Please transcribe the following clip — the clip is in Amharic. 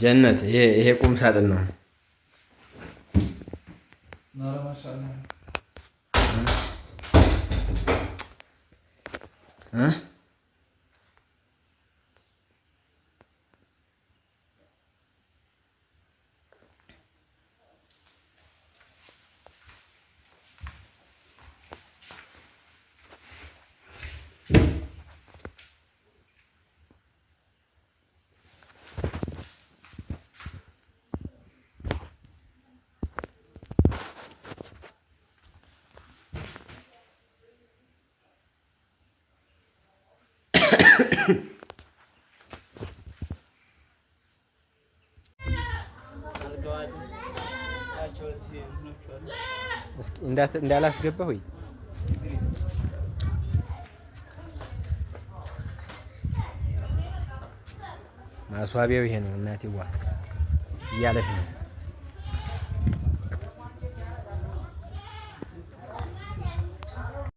ጀነት ይሄ ቁም ሳጥን ነው። Thank you. እንዳላስገባ ሆይ ማስዋቢያው ይሄ ነው። እናቴዋ እያለፍ ነው።